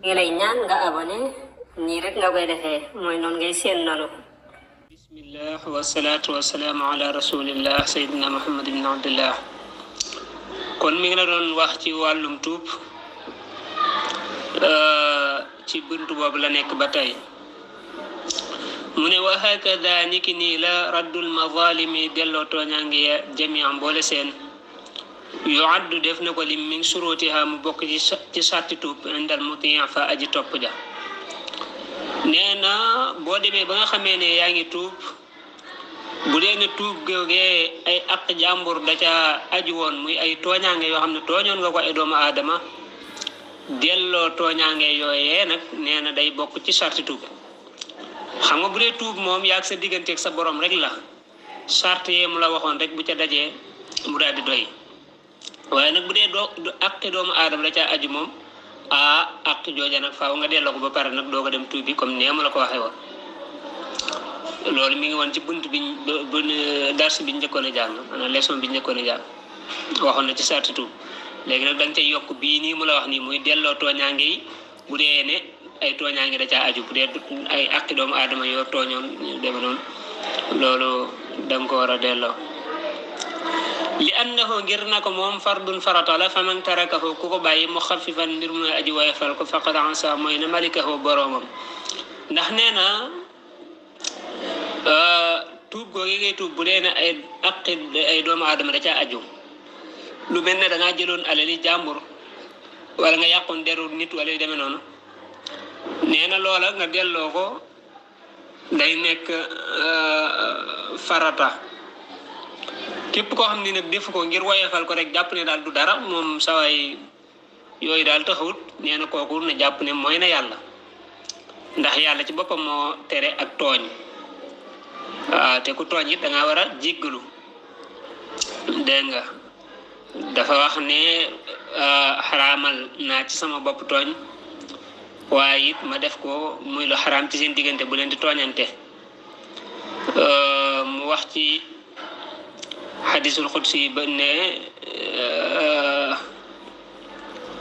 ngi lay ñaan nga ngay seen noonu bismillah wasalaatu wasalaamu ala rasulillah sayidina muhammad ibn abdillah kon mi ngi la doon wax ci wàllum tuub euh, ci buntu boobu la nekk ba tey mu ne wa hakada niki nii la raddul mazalimi delloo tooñaange jamiam boole seen yuaddu def na ko lim min surutiha mu bok ci sàtti tuub indal mutiin fa aji top ja neena bo boo ba nga xamé ne yaangi ngi bu dee ne tuub ay ak jambour da ca aji won muy ay tooñaange yoo xam ne tooñoon nga ko ay doomu adama delloo tooñaange yooyee nag nee day bok ci sarti tuub xam nga bu le mom yaak sa ak sa borom rek la sarti yé mu la waxon rek bu ca dajé mu daal doy waaye nag bu dee doo àqi doomu aadama la ca aju moom a àq jooja nag faaw nga delloo ko ba pare nag doo ko dem tuubi comme nee ma la ko waxee wa loolu mu ngi woon ci bunt bi bu dars bi njëkkoon a jàng maanaam leçon biñ njëkkoon a jàng waxoon na ci sarti tuub léegi nag danga cay yokk bii nii mu la wax nii muy delloo tooñaange yi bu dee ne ay tooñaange da ca aju bu dee ay àqi doomu aadama yoo tooñoon deme noonu loolu danga ko war a delloo لأنه جرناك موم فرد فرط على فمن تركه كوباي باي مخففا نرمنا أجي ويفرق فقد عنسى موين ملكه بروم نحن هنا آه توب غوغي توب بلين أقد أي دوم آدم رجاء أجو لمن دا جلون على لي جامور ولا نغا يقون ديرو نيت ولا ديمنون نينا لولا نغا ديلوكو day nekk farata képp koo xam ne nag defu ko ngir woyefal ko rek jàpp ne daal du dara moom sawaay yooyu daal taxawut nee na kooku na jàpp ne mooy na yàlla ndax yàlla ci boppam moo tere ak tooñ waaw ah, te ku tooñ it danga ngaa war a jéggalu dégg nga dafa wax ne ah, xaraamal naa ci sama bopp tooñ waaye it ma def ko muy lu xaraam ci seen diggante bu leen di tooñante ah, mu wax ci حديث القدسي بن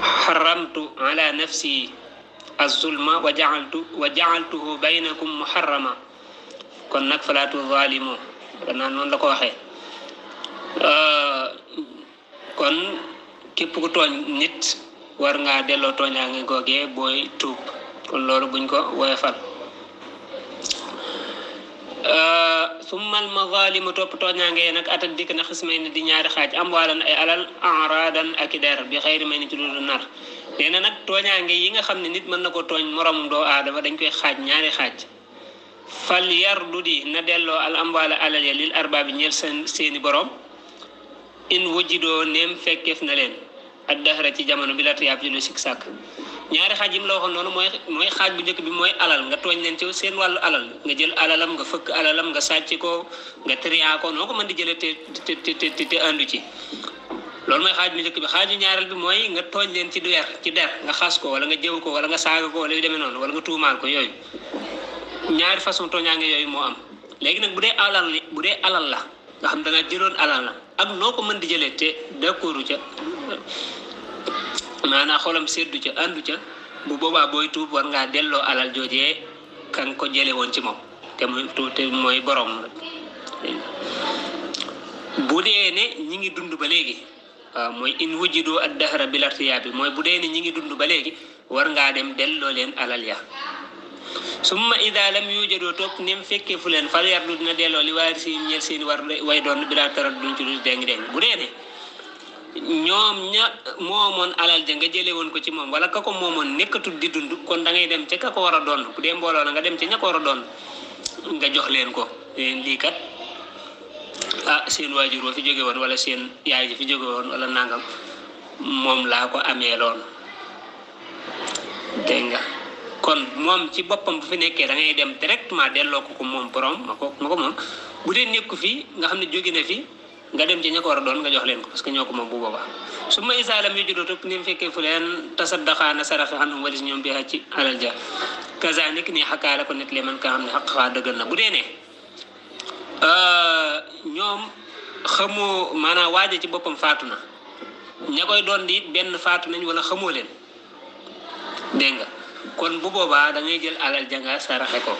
حرمت على نفسي الظلم وجعلت وجعلته بينكم محرما كن نك فلا تظالموا كن نون لاكو واخي كن كيب كو توغ نيت وارغا ديلو توغا غوغي بوي توب كن لولو بنكو ويفال Euh, summa al ma topp tooñaange yee nag atal dikk na xismay ne di ñaari xaaj am ay alal enradan ak i der bi xëyri may ni ci loolu nar nee na nag tooñaange yi nga xam ne nit mën na ko tooñ morom doo aadama dañ koy xaaj ñaari xaaj fal yardu di na delloo al amwaala alal ya lil arbaabi ñeel seen seeni borom in wujjidoo neem fekkeef na leen ak dahra ci jamono bi la tiyaab ji lu ñaari xaaj yi mu la waxoon noonu mooy mooy xaaj bu njëkk bi mooy alal nga tooñ leen ci seen wàllu alal nga jël alalam nga fëkk alalam nga sàcc ko nga triyaa ko noo ko mën di jëlee te te te ci loolu mooy xaaj bu njëkk bi xaaju ñaareel bi mooy nga tooñ leen ci der ci der nga xas ko wala nga jëw ko wala nga saaga ko demee noonu wala nga tuumaal ko yooyu ñaari façon tooñaange yooyu moo am léegi nag bu dee alal bu dee alal la nga xam da nga jëloon alal la ak noo ko mën di jëlee te d'accord ca maanaa xolam seddu ca àndu ca bu boobaa booy tuub war ngaa delloo alal joojee kan ko jële woon ci moom te muy te mooy boroom bu dee ne ñi ngi dund ba léegi waaw mooy in wujjidu ak dahra bil artiyaabi mooy bu dee ne ñi ngi dund ba léegi war ngaa dem delloo leen alal ya summa ida lam yujadoo topp nem fekkee fu leen fal yardu dina delloo li waarisi ñeel seeni war way doon bilaa tarat duñ ci du deng deng bu dee ne ñoom ña moomoon alal ja nga jëlee woon ko ci moom wala ka ko moomoon nekkatul di dund kon da ngay dem ca ka ko war a doon bu dee mbooloo la nga dem ca ña ko war a doon nga jox leen ko leen kat ah seen waajur wa fi jóge woon wala seen yaay ji fi jóge woon wala nangam moom laa ko amee loon dégg nga kon moom ci boppam bu fi nekkee da ngay dem directement delloo ko ko moom borom ma ko ma ko moom bu dee nekku fi nga xam ne na fi nga dem ci ña ko war a doon nga jox leen ko parce que ñoo ko moom bu boobaa su ma isaalam yu juddoo topp ni mu fekkee fu leen tasaddaqaana sarafe xanum walis ñoom bi ci alal ja kazanik ni xakaa la man kaa xam ne xaq xaa dëggal na bu dee ne euh, ñoom xamoo maanaam waaja ci boppam faatu na ña koy doon di benn faatu nañ wala xamoo leen dégg nga kon bu boobaa da jël alal ja nga saraxe ko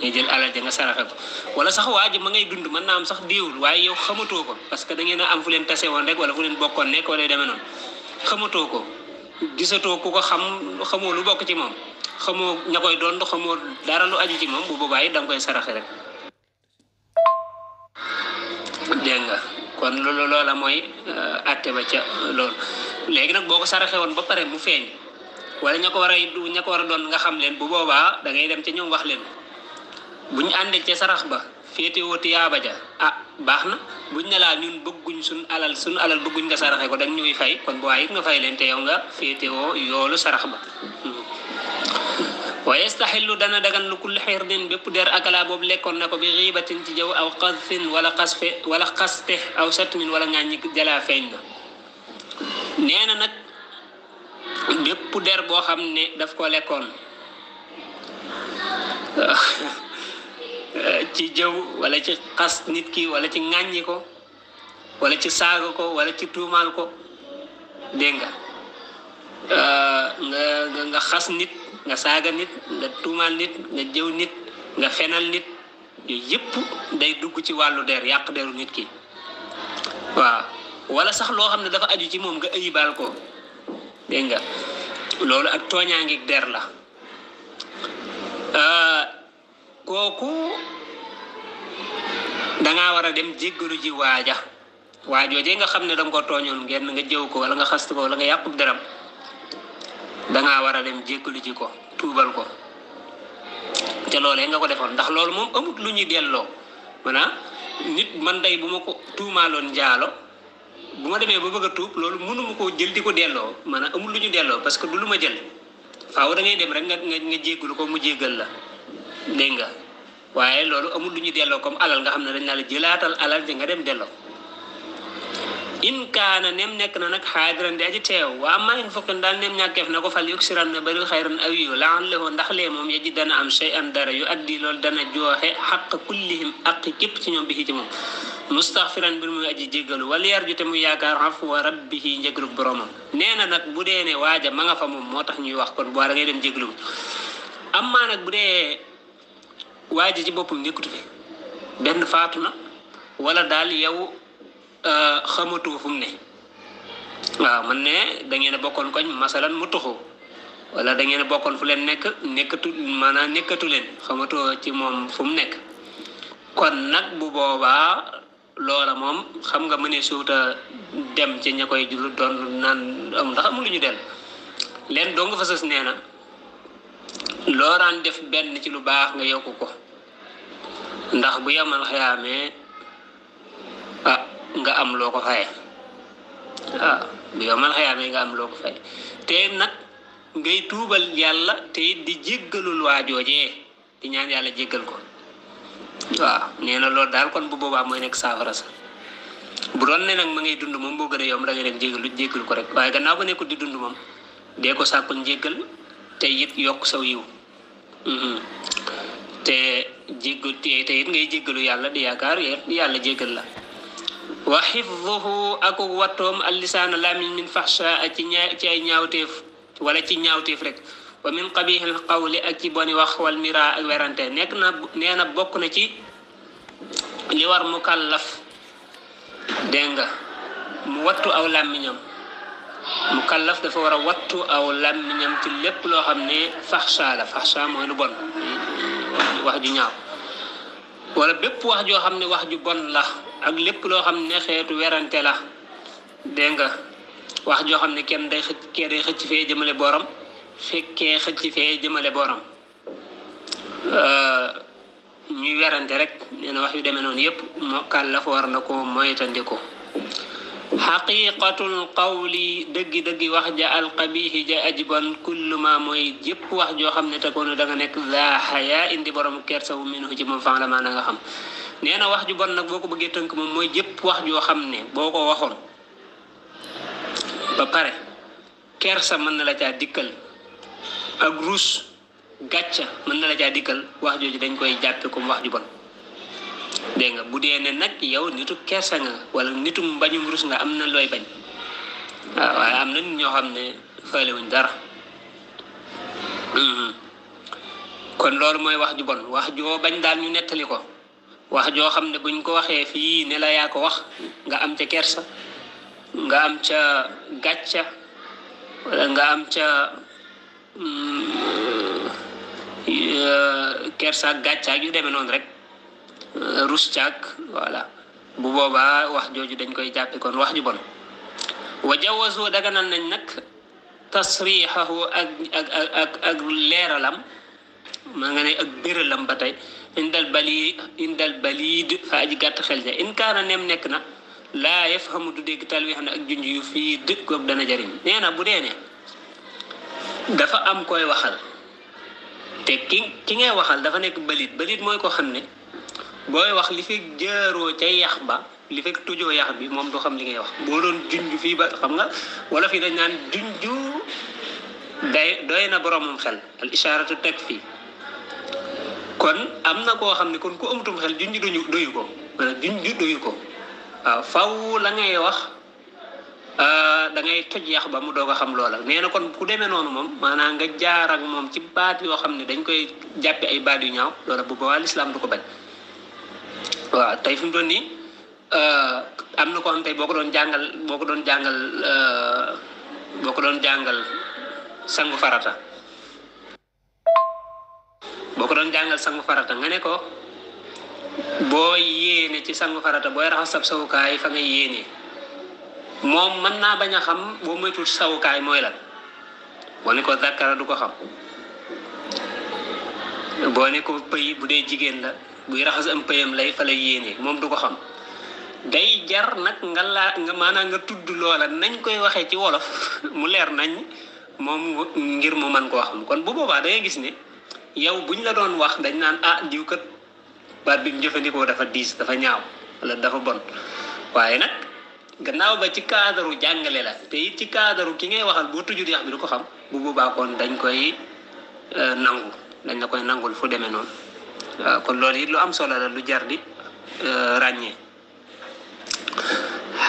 ngay jël alal ja nga saraxe ko wala sax waji ma ngay dund man naa am sax diwul waaye yow xamato ko parce que da ngay na am fu leen tase woon rek wala fu leen bokkoon nekk wala demee non xamato ko gisato ku ko xam xamo lu bok ci mom xamo ñakoy don xamo dara lu aji ci mom bu bobay dang nga koy saraxe rek denga kon loolu loola moy eh, atté ba ca lool légui nak boko saraxe ba paré mu feñ wala ñako wara war a ña nga xam leen bu boba da ngay dem ci ñoom wax leen buñ àndee ci sarax ba wo tiyaba ja ah baxna buñ ne la ñun bëgguñ sun alal sun alal bëgguñ nga saraxé ko dañ ñuy fay kon bu waaye nga fay leen yow nga wo yoolu sarax ba wa yastahillu dana dagan lu kull xirdin der akala bob lekkoon nako bi ghibatin ci jaw aw qadfin wala xasfe wala xaste aw satmin wala ngaa jala feñ na nee nak nag der bo ne daf ko lekkoon ci jëw walla ci xas nit ki wala ci ŋàññi ko wala ci saaga ko wala ci tuumaal ko dégg euh, nga nga nga xas nit nga saaga nit nga tuumaal nit nga jëw nit nga fenal nit yooyu yëpp day dugg ci wàllu der yàq deru nit ki waaw wala sax loo xam ne dafa aju ci moom nga ayibaal ko dégg nga loolu ak tooñaangi der la euh, koku da nga wara dem jéggalu ji waaja waajoojee nga xamne ne ko toñul ngeen nga jew ko wala nga xast ko wala nga yàqub deram da nga wara dem jéggalu ji ko tuubal ko te lolé nga ko defoon ndax lolou mom amut lu dello delloo nit man day buma ko tuumaaloon njaalo bu ma demee ba bëgg a lolou mënu mu ko jël diko dello delloo amul lu dello parce que du luma jël faaw da ngay dem rek nga nga jéggalu ko mu jéggal la dégg nga waaye loolu amul lu ñu delloo comme alal nga xam ne dañ naa la jëlaatal alal di nga dem delloo in kaana nem nekk na nag xaadiran di aji teew waa ma in fukkin daal nem ñàkkeef na ko fal yuksiran na bari xayran aw yu laan lahu ndax lee moom yaji dana am shay an dara yu addi lol dana joxe xaq kullihim aq képp ci ñoom bi ci moom mustaxfiran bir muy aji jéggalu wala yar ju te mu yaakaar xaf wa rabbihi njëglu boromam nee na nag bu dee ne waaja ma nga fa moom moo ñuy wax kon ngay dem jéglu amma nag bu dee waa ji ci boppam nekkatu fi benn faatu na wala daal yow euh, xamatu fu mu ne waaw man ne da ngeen bokkoon koñ masalan mu tuxu wala da ngeen bokkoon fu leen nekk nekkatu maanaam nekkatu leen xamatoo ci moom fu mu nekk kon nag bu boobaa loola moom xam nga mënee suuta dem ci ña koy jul doon naan am ndax amul lu ñu del leen doo nga fa nee na looraan def benn ci lu baax nga yokk ko ndax bu yamal xiyamé ah nga am loko fay ah bu yamal xiyamé nga am loko fay té te ngay tuubal yalla te di jéggalul wajojé di ñaan yalla jéggal ko wa ah, néna lo dal kon bu boba moy nek safara sa bu don né nak ma ngay dund mom bo gën a da ngay dem jéggalu jéggal ko rek waye gannaaw ba nekkul di dund mom dé ko sàkkul njéggal te it yok saw yiw mm-hmm. te jéggu te it ngay jéggalu yàlla di yaakaar yàlla jéggal la wa xifduhu ak wattoom allisaana laamin min faxsha ci ñaa ci ay ñaawteef wala ci ñaawteef rek wa min qabihil qawli ak ci boni wax wal mira ak werante nekk na nee na bokk na ci li war mukallaf dégg nga mu wattu aw làmmiñam mukallaf dafa war a wattu aw làmmiñam ci lépp loo xam ne faxsha la faxsha mooy lu bon wax ju ñaaw wala bépp wax joo xam ne wax ju bon la ak lépp loo xam ne xeetu werante la dégg nga wax joo xam ne kenn day xëcc kee day xëcc fee jëmale borom fekkee xëcc fee jëmale borom euh, ñuy werante rek nee na wax yu demee noonu yépp moo kàllafa war na ko moytandiku haqiqatul qawli deug deug wax ja qabih ja ajiban kullu ma moy jep wax jo xamne ne ko da nga la haya indi borom kersa wu minhu ci moom fan la maana nga xam neena wax ju bon nak boko ko teunk mom moy jep wax jo xamne boko waxon ba pare kersa mën na la dikkel ak rus gatcha man la dikkel wax ji dañ koy wax ju bon deng nga bu dee ne nag yow nitu kessa nga wala nitu mbañum ngurus nga amna loy bañ waaw amna am na ah, ñoo faale wuñ dara mm-hmm. kon lool moy wax ju bon wax joo bañ daal ñu netali ko wax jo buñ ko waxee fi ne la ya ko wax nga am ca kersa nga am ca gatcha wala nga am ca mm, eh, kersa gatcha yu demee non rek Euh, rus caag voilà bu boobaa wax jooju dañ koy jàppi kon wax ju bon wa jawazu daganal nañ nag tasrixahu ak ak leeralam maa nga ne ak béralam ba tey indal bali indal balid fa aji gàtt xel ja in kaana nem nekk na laa yafhamu du dégg tal wi xam ne ak junj yu fii dëkk kooku dana jariñ nee na bu dee ne dafa am koy waxal te ki ki ngay waxal dafa nekk balit balit mooy ko xam ne booy wax li fekk jaaroo ca yax ba li fekk tujoo yax bi moom doo xam li ngay wax boo doon junj fii ba xam nga wala fii dañ naan junj day doy na boromum xel al ishaaratu teg fii kon am na koo xam ne kon ku amutum xel junj doyu doyu ko wala ko waaw faw la ngay wax euh, da ngay toj yax ba mu doog a xam loola nee na kon ku demee noonu moom maanaam nga jaar ak moom ci baat yoo xam ne dañ koy jàppe ay baat yu ñaaw loola bu boobaa lislaam du ko bañ waaw tey fi mu doon nii eh, am na jangal, xam tey boo ko doon jàngal boo ko doon jàngal eh, boo ko doon jàngal sangu farata boo ko doon jàngal sangu farata nga ne ko boo yéene ci sangu farata booy raxas sab sawukaay fa nga yéene moom mën naa bañ a xam boo moytul sawukaay mooy lan boo ne ko dakkara du ko xam boo ne ko pëy bu dee jigéen la buy raxas am lay fa lay yéene moom du ko xam day jar nag nga laa nga maanaam nga tudd loola nañ koy waxee ci wolof mu leer nañ moom ngir mu man koo xam kon bu boobaa da gis ne yow buñ la doon wax dañ naan ah diw kat baat bi jëfandikoo dafa diis dafa ñaaw wala dafa bon waaye nag gannaaw ba ci kaadaru jàngale la te it ci kaadaru ki ngay waxal boo tujjul yax bi du ko xam bu boobaa kon dañ koy euh, nangu dañ la koy nangul foo demee noonu Eh, kon lool yi lu am solo la lu jar di eh, ràññee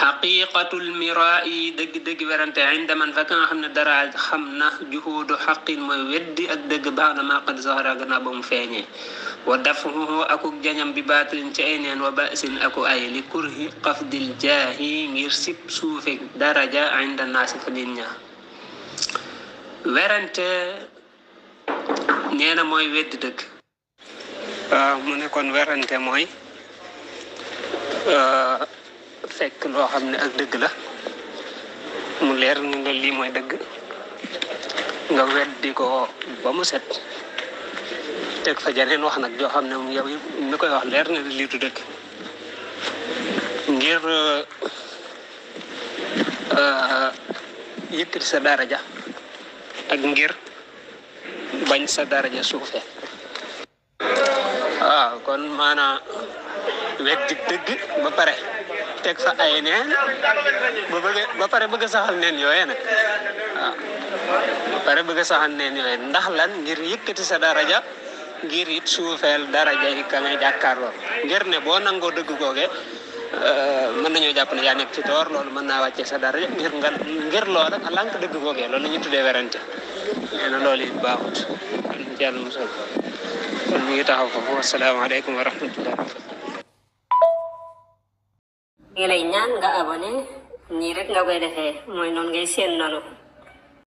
xaqiqatul mira'i deug deug werante inda man fa kan xamna dara xamna juhudu juhuudu xaqin weddi ak deug baana ma qad zahara gana ba mu wa dafuhu akuk jañam bi baatilin ci ay wa ba'sin aku ay li kurhi qafdil jahi ngir sib suufeeg daraja inda naasi fa nit ña werante moy weddi deug Euh, mu ne kon werante mooy euh, fekk loo xam ne ak dëgg la mu leer ni la lii mooy dëgg nga di ko ba mu set teg fa janeen wax nag joo xam ne yow mi koy wax leer na lii du dëgg ngir euh, yëkkati sa daraja ak ngir bañ sa daraja suufe waaw kon maanaam weddi dëgg ba pare teg fa ay neen ba bëgg ba pare bëgg saxal neen yooye nag waaw ba pare bëgg saxal neen yooye ndax lan ngir yëkkati sa daraja ngir it suufeel daraja yi ka ngay jàkkaarloo ngir ne boo nangoo dëgg googe euh, mën nañoo jàpp ne yaa nekk ci toor loolu mën naa wàccee sa daraja ngir nga ngir loola nga lànk dëgg googee loolu la ñu tuddee werante nee na loolu it baaxut yàlla musal kon mi ngi taxaw foofu asalaamaaleykum wa rahmatullah ngi nga abonné nii nga koy defee mooy noonu ngay seen